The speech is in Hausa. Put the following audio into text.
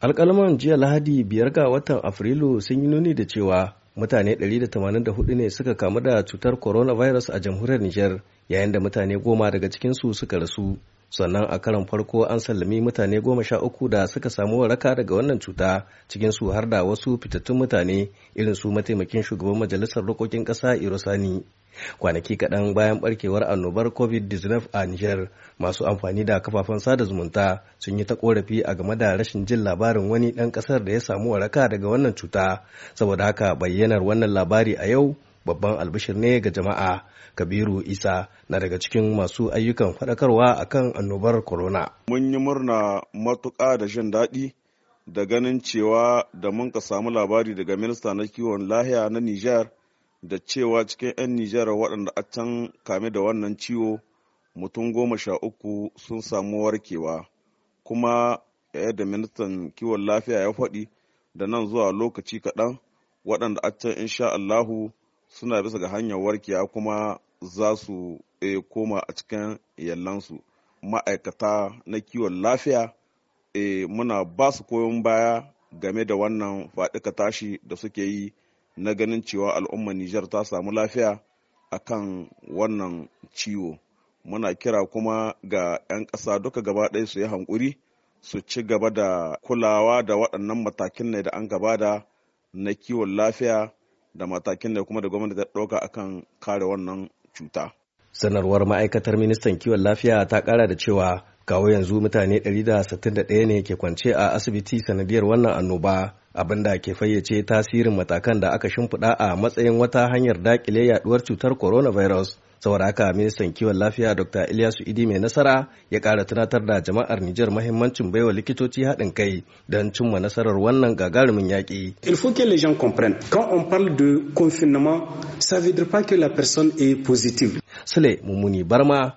alkalman jiya lahadi biyar ga watan afrilu sun yi nuni da cewa mutane 184 ne suka kamu da cutar coronavirus a jamhuriyar niger yayin da mutane goma daga cikinsu suka rasu sannan a karon farko an sallami mutane goma sha uku da suka samu waraka daga wannan cuta cikin su har da wasu fitattun mutane irin su mataimakin shugaban majalisar rokokin ƙasa irosani kwanaki kaɗan bayan barkewar annobar covid-19 a niger masu amfani da kafafen sada zumunta sun yi ta korafi a game da rashin jin labarin wani ɗan ƙasar da ya samu waraka daga wannan cuta saboda haka bayyanar wannan labari a yau babban albishir ne ga jama'a kabiru isa na daga cikin masu ayyukan faɗakarwa a kan annobar corona mun yi murna matuƙa da shan daɗi da ganin cewa da mun ka samu labari daga minista na kiwon lahiya na nijar da cewa cikin 'yan nijar waɗanda a can kame da wannan ciwo mutum goma sha uku sun samu warkewa kuma yadda ministan kiwon lafiya ya faɗi da nan zuwa lokaci kaɗan waɗanda a can insha Allahu suna bisa ga hanyar warkiya kuma za su e, koma a cikin yallansu ma'aikata na kiwon lafiya e, muna ba su koyon baya game da wannan faɗika tashi da suke yi na ganin cewa al'ummar Nijar ta samu lafiya a kan wannan ciwo muna kira kuma ga 'yan ƙasa duka gaba ɗaya su yi hankuri su ci gaba da kulawa da waɗannan matakin ne da an gabada na kiwon lafiya da matakin da kuma da gwamnati ta ɗauka akan kare wannan cuta. Sanarwar ma'aikatar ministan kiwon lafiya ta kara da cewa kawo yanzu mutane 161 ne ke kwance a asibiti sanadiyar wannan annoba abin da ke fayyace tasirin matakan da aka shimfiɗa a matsayin wata hanyar dakile yaduwar cutar coronavirus saboda haka ministan kiwon lafiya dr ilyasu idi mai nasara ya ƙara tunatar da jama'ar nijar mahimmancin baiwa likitoci haɗin kai don cimma nasarar wannan gagarumin yaƙi. il faut que les gens comprennent quand on parle de confinement ça veut dire pas que la personne est positive sule mummuni barma